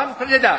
Am Preda.